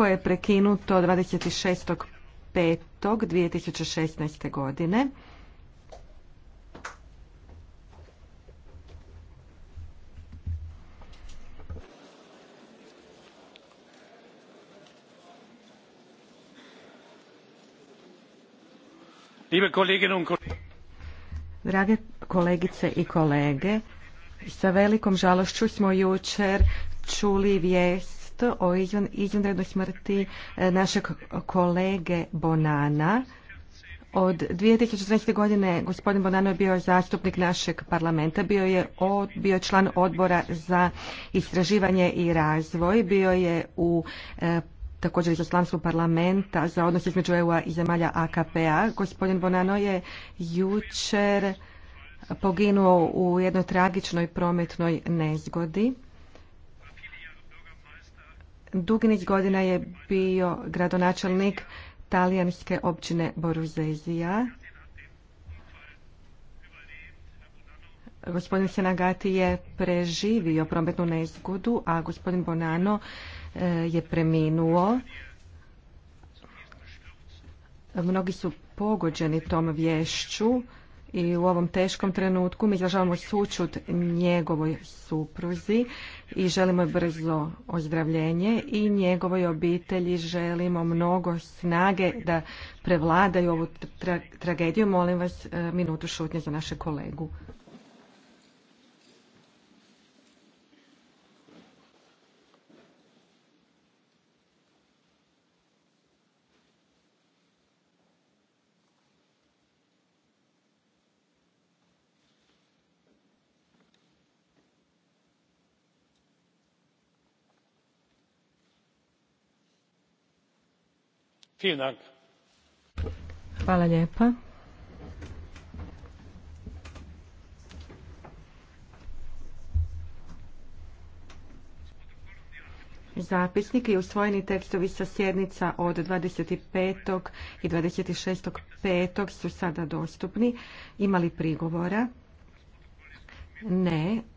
koje je prekinuto 26.5.2016. godine. Drage kolegice i kolege, sa velikom žalošću smo jučer čuli vijest o izvanrednoj smrti e, našeg kolege Bonana. Od 2014. godine gospodin Bonano je bio zastupnik našeg parlamenta, bio je, bio član odbora za istraživanje i razvoj, bio je u e, također izaslanskom parlamenta za odnos između EU-a i zemalja akp p-a. Gospodin Bonano je jučer poginuo u jednoj tragičnoj prometnoj nezgodi dugi niz godina je bio gradonačelnik talijanske općine Boruzezija. Gospodin Senagati je preživio prometnu nezgodu, a gospodin Bonano e, je preminuo. Mnogi su pogođeni tom vješću i u ovom teškom trenutku mi izražavamo sučut njegovoj supruzi i želimo brzo ozdravljenje i njegovoj obitelji želimo mnogo snage da prevladaju ovu tragediju. Molim vas e, minutu šutnje za našeg kolegu. Hvala lijepa. Zapisnik i usvojeni tekstovi sa sjednica od 25. i 26. petog su sada dostupni. Imali prigovora? Ne.